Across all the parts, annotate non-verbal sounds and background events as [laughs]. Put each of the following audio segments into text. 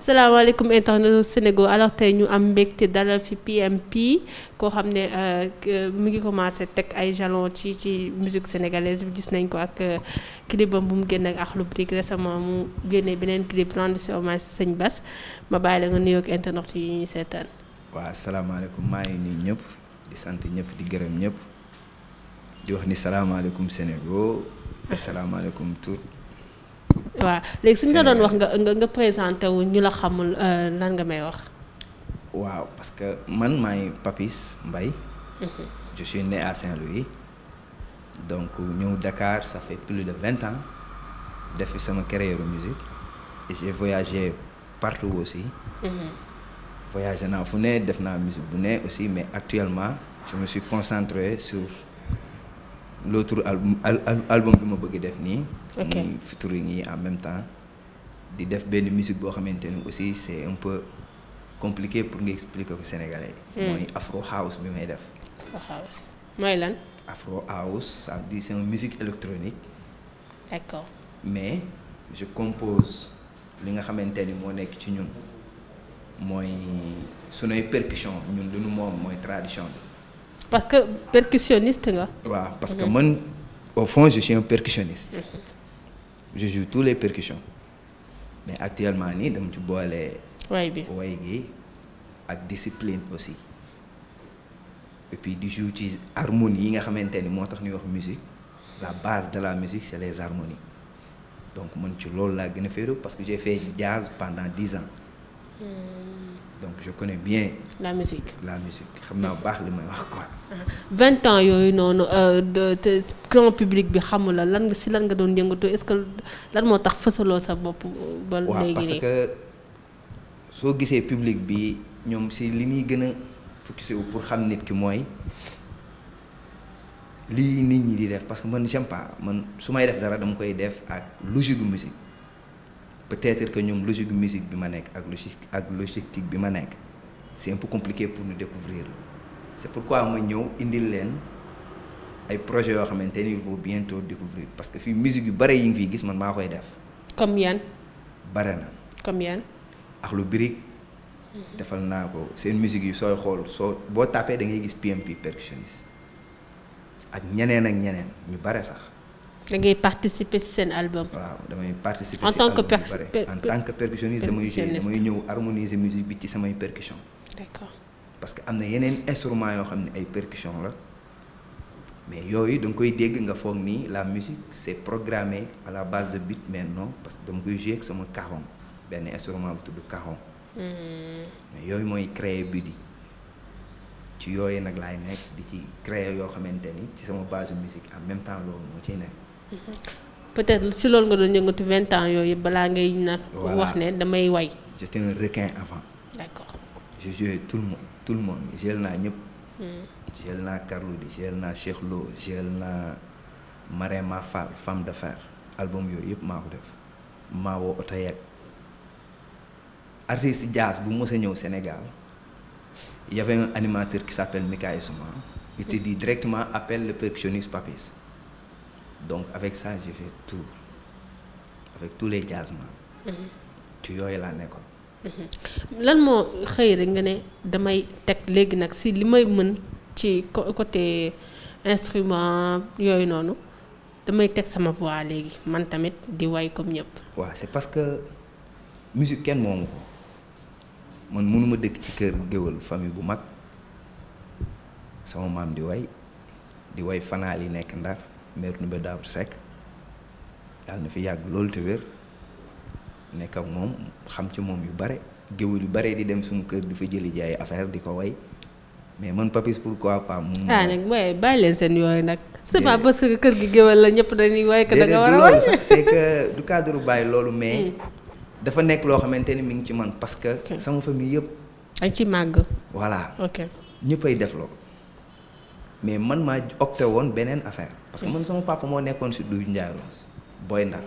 salaamaaleykum internet Sénégal alors tey ñu am mbégte dalal fi PMP koo xam ne euh, mu ngi commencé teg ay jalon ci ci musique sénégalaise bi gis nañ ko ak euh, clipam bu mu génn ak Akhlou Brick récemment mu génnee beneen clip rendre hommage sëñ bas ma bàyyi la nga nuyoo ak internet yi ñuy seetaan. waaw salaamaaleykum maa ngi nuyu ñëpp di sant ñëpp di gërëm ñëpp di wax ni salaamaaleykum Sénégal [laughs] asalaamaaleykum tout waaw léegi suñ la doon wax nga nga nga présenté wu ñu la xamul lan euh, nga may wax. waaw parce que man maay Papis Mbaye. Mhm. je suis né à Saint-Louis. donc ñëw Dakar ça fait plus de vingt ans def sama carrière musique et j'ai partout aussi. Mhm. voyagé naa fu ne def naa musique bu ne aussi mais actuellement je me suis concentré sur l'autre album album bi ma bëgg def nii. muy featuring yi en même temps di def benn musique boo xamante ni aussi c'est un peu compliqué pour nga expliquer ko sénégalais yi. Hmm. mooy afro house bi may def. afro house mooy lan. afro house ça veut dire c'est une musique électronique. d'accord mais je compose li nga xamante ni moo nekk ci ñun mooy sunuy percussion ñun lu nu moom mooy tradition bi. parce que percussionniste nga. waaw parce que mhm. man au fond je suis je joue tous les percussions mais actuellement nii dama ci boole. way bi way gi ak discipline aussi et puis di joue ci harmonie yi nga xamante ni moo tax ñuy wax musique la base de la musique c'est les harmonies donc man ci loolu laa gën a féeru parce que j'ai fait jazz pendant dix ans. Hmm. donc je connais bien. la musique la musique xam naa baax li may wax quoi. [laughs] vingt ans yooyu noonu euh, te grand public bi xamul la lan si lan nga doon yëngatu est-ce que lan moo tax fësaloo sa bopp. Euh, ba léegi waaw parce que soo gisee public bi ñoom si li ñuy gën a focusé wu pour xam nit ki mooy lii nit ñi di def parce que man j'aime pas man su may def dara dama koy def ak logique gu musique. peut-être que ñoom logique musique bi ma nekk ak logique ak logistique bi ma nekk c'est pour peu compliqué pour nous découvrir c'est pourquoi ma ñëw indil leen ay projets yoo xamante ni il faut bientôt découvrir parce que fi musique yu bare yi nga fiy gis man maa koy def. comme yan. bare na. comme yan. ak lu birig defal naa ko seen musique yi sooy xool soo boo tapee da ngay gis PMP percussionniste ak ñeneen ak ñeneen ñu bare sax. da ngay participer si seen album. waaw damay participer en tant que en tant que percussionniste damay jouer damay ñëw harmoniser musique bi ci samay percussion. parce que am na yeneen instrument yoo xam ne ay percussion la mais yooyu da nga koy dégg nga foog nii la musique c'est programmé à la base de beat mais non parce que dama koy jouer ak sama cajon benn instrument bu tudd cajon. Hmm. mais yooyu mooy créer beat yi ci yooyu nag laay nekk di ci créer yoo xamante ni ci sama base de musique même temps loolu peut-être si loolu nga doon yëngatu vingt ans yooyu balaa ngay nag. wax ne damay way. j'étais un requin avant. d'accord je jouais tout le monde tout le monde jël naa ñëpp. Hmm. jël naa Carlou D jël naa Cheikh Lo jël naa Marema Fall femme d'affaires album yooyu yëpp maa ko def maa woo oto yeeg artiste jazz bu mos ñëw Sénégal y avait un animateur qui s'appelle Mikaël Souma te dit directement appelle le percussionniste Papis. donc avec ça j'ai fait avec tous les jazzman ci mhm. yooyu laa nekkoon mhm. lan moo xëy rek nga ne damay teg léegi nag si li may mën ci côté instrument yooyu noonu damay teg sama voix léegi man tamit di way comme ñëpp. waa c'est parce que musique kenn moom ko man mënuma dëkk ci kër géwël famille bu mag sama maam di way di way fanaal yi nekk ndar maire Ndoumbé Daouda Seck yàlla na fi yàgg loolu te wér nekk moom xam ci moom yu bare géwél yu bare di dem suñu kër di fa jëli ji ay affaire di ko way mais man papis pourquoi pas mun mu ah, nag mooy bàyyi leen seen yooyu nag c'est pas parce que kër gi géwél la ñëpp dañuy way que da war a way sax c'est que du cadre bàyyi loolu mais hmm. dafa nekk loo xamante ni mi ngi ci man parce que sama famille yëpp ak ci màgg voilà ok ñëppay def loolu mais man maa opté woon beneen affaire parce que man sama papa moo nekkoon si Doudou Ndiaye Rose booy ndar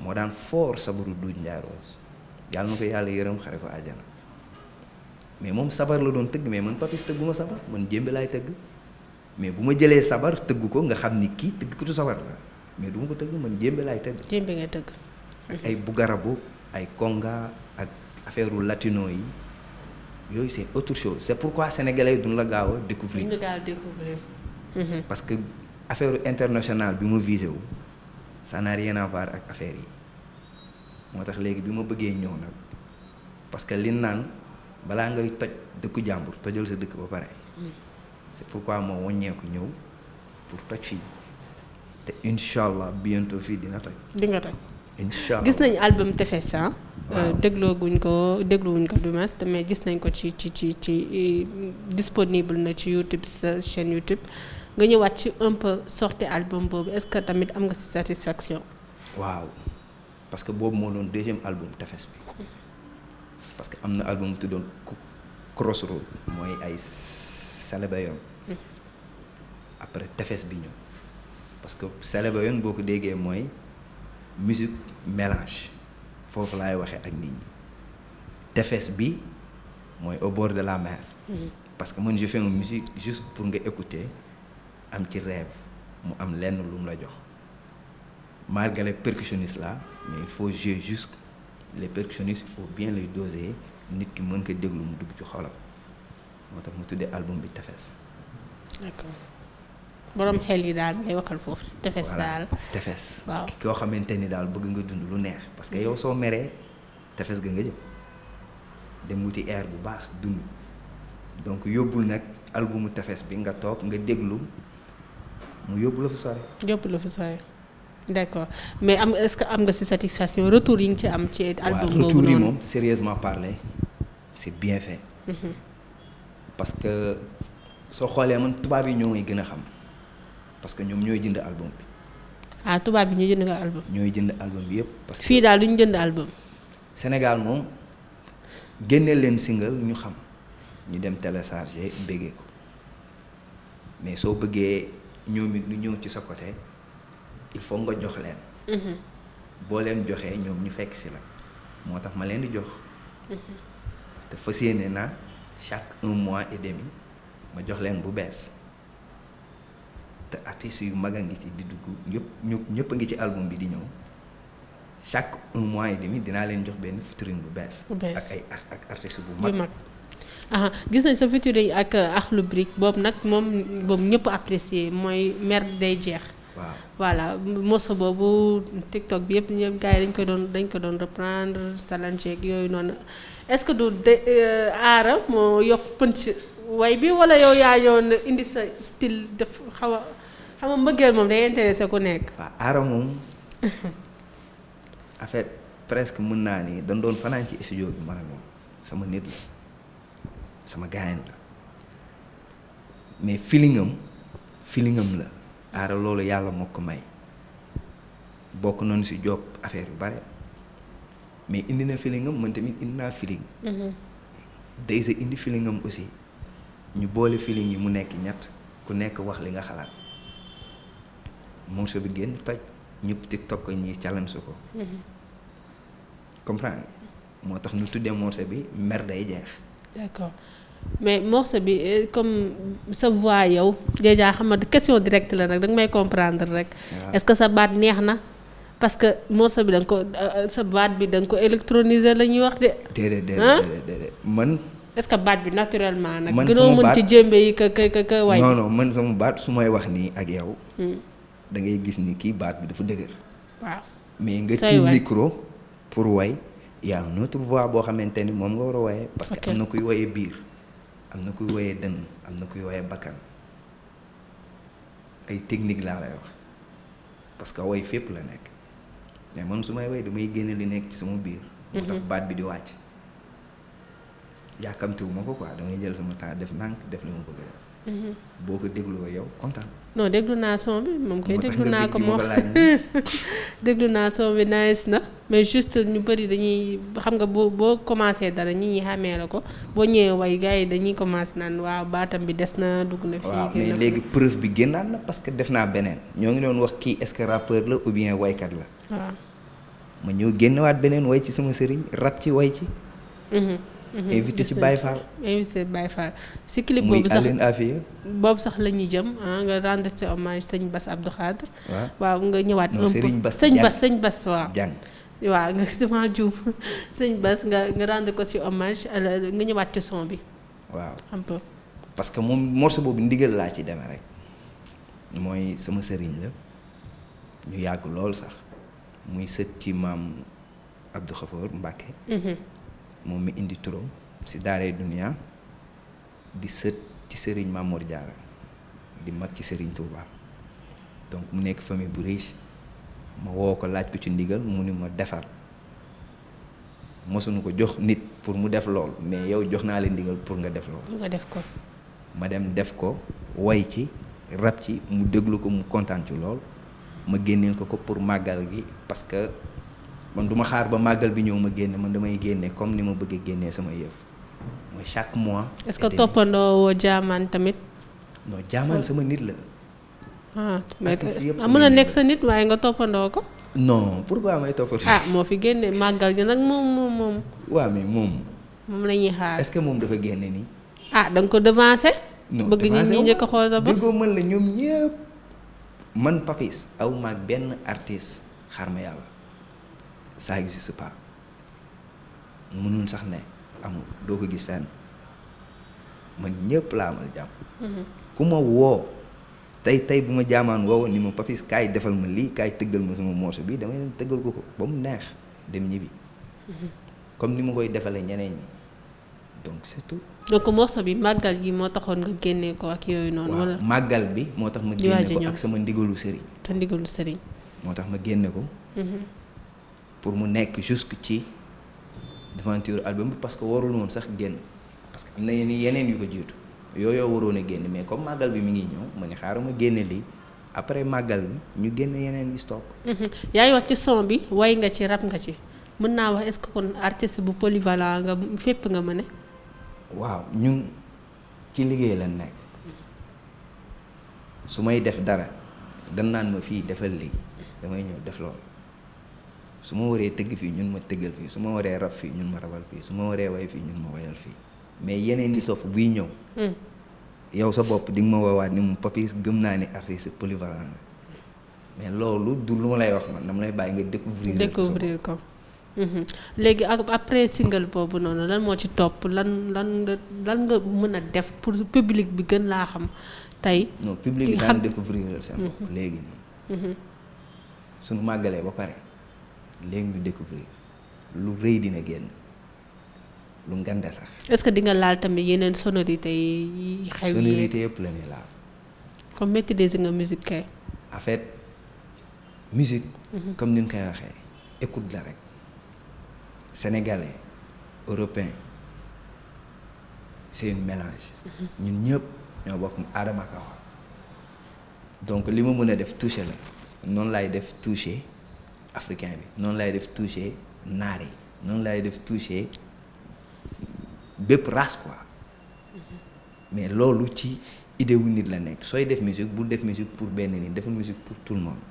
moo daan foor sabaru Doudou Ndiaye Rose yàlla na ko yàlla yërëm xare ko àjjana mais moom sabar la doon tëgg mais man papis tëgguma sabar man jémbi laay tëgg mais bu ma jëlee sabar tëgg ko nga xam ni kii tëgg ko sabar la mais du ko tëgg man jémbi laay tëgg. jémbi nga tëgg. ak ay garabu ay konga ak affaireu latino yi. yooyu c' est autre chose c' pourquoi sénégalais yi duñ la gaaw a gaaw a découvrir. Mm-hmm. parce que affaire internationale bi mu visé wu ça ak affaire yi moo tax léegi bi ma bëggee ñëw nag parce que li naan balaa ngay toj dëkku jàmbur tojal sa dëkk ba pare. Mm. c' est pourquoi moo wàññeeku ñëw pour toj fii te incha allah fii dina toj. di nga toj. incha gis nañ album Tefes ah. Euh, déglooguñ ko dégluwuñ ko du mas mais gis nañ ko ci ci ci ci disponible na ci YouTube sa chaîne YouTube nga ñëwaat ci un peu sorti album boobu est-ce que tamit am nga ci satisfaction. waaw parce que boobu moo doon deuxième album Tefes bi parce que am na album bu tuddoon Crossroad mooy ay mm-hmm. Tefes bi ñëw parce que Selebeyoon boo ko déggee mooy. musique mélange foofu laay waxee ak nit ñi tefes bi mooy au bord de la mer mhm. parce que mën je fais une musique pour nga écouter am ci rêve mu am lenn lu mu la jox malgré percussionniste la mais il faut jouer juste les percussionnistes il faut bien les doser nit ki mën ko déglu mu dugg ci xolam moo tax mu tuddee album bi tefes borom xel yi daal ngay waxal foofu tefes daal tefes waaw koo xamante ni daal bëgg nga dund lu neex parce que yow soo meree tefes gi nga jëm dem wuti air bu baax dund donc yóbbul nag albumu tefes bi nga toog nga déglu mu yóbbu la fu sore yóbbu la fu sore d'accord mais am est-ce que am nga si satisfaction retour yi nga ci am ci album boobu noonu retour moom sérieusement parlé c'est bien fait mm parce que soo xoolee man tubaab yi ñoo may gën a xam parce que ñoom ñooy jënd album bi. ah tubaab bi ñooy jënd nga album. ñooy jënd album bi yëpp parce que. fii daal du ñu jënd album. Sénégal moom génne leen single ñu xam ñu dem télécharger bëggee ko mais soo bëggee ñoom it ñu ñëw ci sa côté il faut nga jox leen. Mhm. boo leen joxee ñoom ñu fekk si la moo tax ma leen di jox. Mhm. te fas yéene na chaque un mois et demi ma jox leen bu bees. te yu mag a ngi ci di dugg ñëpp ñu ñëpp a ngi ci album bi di ñëw chaque un mois et demi dinaa leen jox benn featuring bu bees. bu bees ak ay ak artistes bu mag. gis nañ sa featuring ak euh, Akhlou Brick boobu nag moom boobu ñëpp apprécier mooy mer day jeex. waaw voilà morceau boobu TikTok bi yëpp ñëpp gars yi dañ ko doon dañ ko doon reprendre salanceeg yooyu noonu est-ce que du de euh, aara moo yokk punch way bi wala yow yaa indi sa style def xaw xam nga mbëggeel moom day intéressé ku nekk. waaw aara moom en fait presque mën naa ni dañ doon fanaan ci studio bi man ak moom sama nit la sama gaañ la mais feelingam feelingam la aara loolu yàlla moo ko may bokk noonu si job affaire yu bare mais indi na feelingam man tamit indi naa feeling. Mhm. day sa indi feelingam aussi ñu boole feeling yi mu nekk ñett ku nekk wax li nga xalaat. morceau bi génn toj ñëpp TikTok ko ñi challenge ko. Mhm. comprendre moo tax ñu tuddee morceau bi mer day jeex. d'accord mais morceau bi euh, comme sa voix yow déjà xam nga question directe la nag da may comprendre rek. est-ce que sa baat neex na. parce que morceau bi da nga ko euh, sa baat bi da nga ko électroniser la ñuy wax de. déedéet déedéet déedéet man. est-ce que baat bi naturellement nag. man sama baat gënoo mën ci jëmbe yi ka ka ka way. non non man sama baat su may wax nii ak yow. Hmm. da ngay gis ni kii baat bi dafa dëgër. waaw mais nga tiim micro pour woy yaa une autre boo xamante ni moom nga war a woyee parce que am na kuy woyee biir am na kuy woye dënn am na kuy woye bakkan ay technique laa lay wax parce que woy fépp la nekk mais man su may woy damay génne li nekk ci sama biir moo tax mhm. baat bi di wàcc yàkkamtiwu ma ko quoi damay jël sama temps def ndànk def li ma bëgg def Mm-hmm. boo ko dégloo yow kontaan. non déglu naa son bi moom koy déglu naa ko moo [laughs] déglu naa son bi na mais juste ñu bëri dañuy xam nga boo boo commencé dara ñi ñi xamee la ko boo ñëwee way gaa yi dañuy commencé naan waaw baatam bi des na dugg na fii waaw mais léegi bi génnaat na parce que def naa beneen ñoo ngi doon wax kii est-ce rappeur la ou bien waykat la waaw ma ñëw génnewaat beneen way ci sama sëriñ rap ci way ci mm-hmm. Mhm, invité ci Baye Fall. invité Baye Fall si clip boobu sax muy ñuy jëm ah, nga rendre ce hommage sëñ Bass Abdou Khadre. waaw nga ñëwaat. non Serigne Bass sëñ Bass sëñ Bass waaw. jàng waaw nga dama juum [laughs] sëñ Bass nga nga rendre ko si hommage nga ñëwaat ci son bi. waaw un parce que moom morceau boobu ndigal laa ci demee rek mooy sama sëriñ la ñu yàgg lool sax muy sët ci maam Abdou Khafour Mbacké. Mhm. moom mi indi turam si daaree duniya di sët ci sëriñ Mamour Diarra di mag ci sëriñ Touba donc mu nekk famille bu riche ma woo ko laaj ko ci ndigal mu ni ma defar mosuñu ko jox nit pour mu def loolu mais yow jox naa la ndigal pour nga def loolu. nga def ko. ma dem def ko woy ci rab ci mu déglu ko mu kontaan ci lool ma génneel ko ko pour màggal gi parce man du ma xaar ba màggal bi ñoo ma génne man damay génne comme ni ma bëggee génnee sama yëf mooy chaque mois. est-ce que toppandoo woo jaamaan tamit. non jaamaan sama nit la. ah a nekk sa nit waaye nga toppandoo ko. non pourquoi may toppandoo. ah moo fi génne màggal gi nag moom moom moom. waaw moom. moom la ñuy xaar est-ce que moom dafa génne nii. ah danga ko devancer. non bëgg nit ñi njëkk a xool sa bopp déggoo mën la ñoom ñëpp. man papis aw maag benn artiste xaar ma yàlla. ça existe pas mënul sax ne amul doo ko gis fenn man ñëpp laa amal jàmm. Mhm. ku ma woo tey tey bu ma jaamaan woowoon ni ma papis kaay defal ma lii kaay tëggal ma sama morceau bi damay dem tëggal ko ko ba mu neex dem ñibbi. Mhm. comme ni ma koy defalee ñeneen ñi donc c'est tout. donc morceau bi màggal gi moo taxoon nga génnee ko ak yooyu noonu. wala màggal bi moo tax ma génne ko ak sama ndigalu sëriñ. te ndigalu sëriñ. moo tax ma génne ko. Mhm. pour mu nekk jusque ci devanture album bi parce que warul woon sax génn parce que am na yeneen yu ko jiitu yooyoo waroon a génn mais comme màggal bi mu ngi ñëw ma ne xaaral ma génne lii après màggal bi ñu génn yeneen yu stock. Mhm. yaa wax ci son bi way nga ci rap nga ci mën naa wax est-ce que kon artiste bu polyvalent nga fépp nga ma ne waaw ñu ci liggéey lañ nekk su may def dara dan naan ma fii defal lii damay ñëw def loolu. su ma waree tëgg fii ñun ma tëggal fii su ma waree rab fii ñun ma rabal fii su ma waree way fii ñun ma wayal fii mais yeneen yi topp buy ñëw. Hmm. yow sa bopp di nga ma woowaat ni mu Papis gëm naa ni artiste polyvalent loolu du lu lay wax man lay bàyyi nga découvrir. découvrir ko hmm. léegi ak après single boobu noonu lan moo ci topp lan lan lan nga mën a def pour public bi gën laa xam tey. non public bi daan découvrir seen bopp hmm. léegi nii. suñu màggalee ba pare. léegi ñu découvrir lu rëy dina génn lu ngande sax. est-ce que di nga laal tamit yeneen sonorité yi xew yi sonorité yëpp la ñuy laal. comme maîtriser nga musique kay. en fait musique. Mhm. comme ni ñu koy waxee écoute la rek sénégalais européen c'est une mélange. Mhm. ñun ñëpp ñoo bokk Adama Kawa. donc li ma mën a def toucher la noonu laay def toucher. africain bi noonu lay def toucher naar yi noonu laay def toucher bépp race quoi mhm. mais loolu ci idée wu nit la nekk sooy def musique bu def musique pour benn nit deful musique pour tout le monde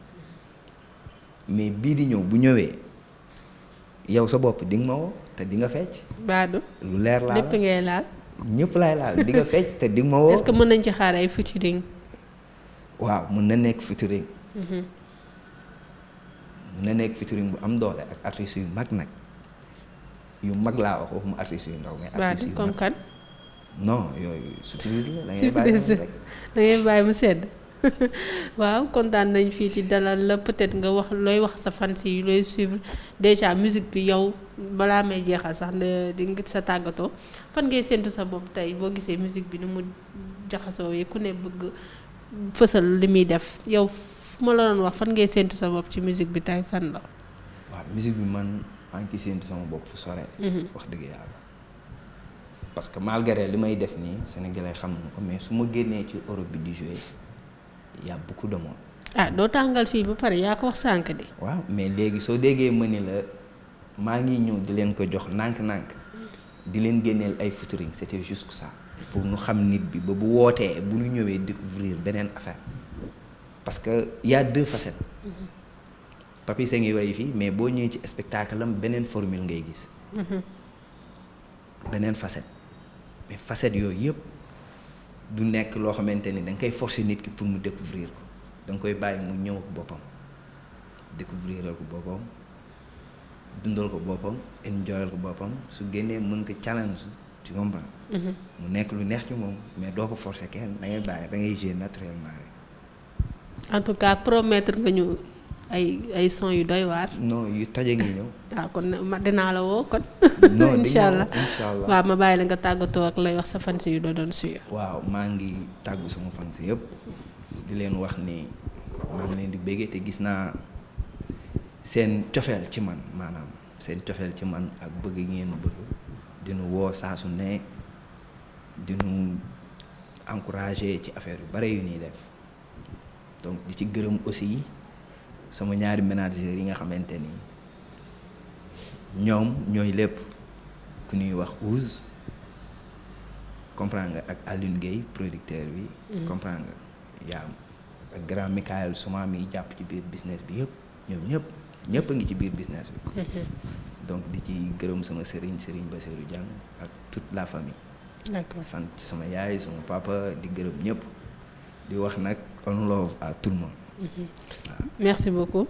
mais bii di ñëw bu ñëwee yow sa bopp di nga ma woo te di nga fecc. baadu lu leer laa la laal. ñëpp laay laal di nga fecc te di nga ma woo. est mën nañ ci xaar ay featuring. waaw mën na nekk featuring. Mhm. dina nekk featuring bu am doole ak artistes yu mag nag yu mag laa wax waxuma artistes yu ndaw mais artistes yu mag comme kan non yooyu surprise la da ngay bàyyi da ngay bàyyi mu sedd [laughs] waaw kontaan nañ fii ci dalal la peut-être nga wax looy wax sa fans yi looy suivre déjà musique bi yow balaa may jeexal sax ne di nga sa tàggatoo fan ngay séntu sa bopp tey boo gisee musique bi ni mu jaxasoo yi ku ne bëgg fësal li muy def yow fu ma la doon wax fan ngay séentu sa bopp ci musique bi tey fan la. waaw musique bi man maa ngi ciy séentu sama bopp fu sore. Mhm. wax dëgg yàlla. parce que malgré li may def nii sénégalais xam na ko mais su ma génnee ci Europe bi di jouer y a beaucoup ah doo tàngal fii ba pare yaa ko wax sànq di waaw mais léegi soo déggee ma ni la maa ngi ñëw di leen ko jox nànk-nànk di leen génneel ay featuring c'était juste ça pour ñu xam nit bi ba bu wootee bu ñu ñëwee découvrir beneen affaire. parce que y' a deux facettes. Papis a ngi woy fii mais boo ñëwee ci spectacle am beneen formule ngay gis. Mhm. beneen facette mais facette yooyu yëpp du nekk loo xamante ni da koy forcer nit ki pour mu découvrir ko da nga koy bàyyi mu ñëw ak boppam découvriral ko boppam dundal ko boppam enjoyal ko boppam su génnee mën ko challenge tu comprends. Mhm. mu nekk lu neex ci moom mais doo ko forcer kenn da ngay bàyyi da ngay naturellement rek. en tout cas promettre nga ñu ay ay son yu doy waar. non yu taje ngi ñëw. waaw kon ma dinaa la woo kon. non [laughs] incha allah waaw ma bàyyi la nga tàggatoo ak lay wax sa fansi yu doo doon suivre. waaw maa ngi tàggu sama fansi yëpp di leen wax ni maa ngi leen di béggee te gis naa seen cofeel ci man maanaam seen cofeel ci man ak bëgg ngeen bëgg dinu woo saasu ne dinu encourager ci affaire yu bare yu ñuy def. donc di ci gërëm aussi sama ñaari ménageurs yi nga xamante ni ñoom ñooy lépp ku ñuy wax Ousse comprend nga ak Alioune producteur bi. Mm. comprend nga yaa ak grand Michael Souma mi jàpp ci biir business bi yëpp ñoom ñëpp ñëpp ngi ci biir business bi. Mm-hmm. donc di ci gërëm sama sëriñ sëriñ Bassirou Diang ak toute la famille. d'accord sant sama yaay sama papa di gërëm ñëpp. di wax nag on love à tout le mhm. merci beaucoup.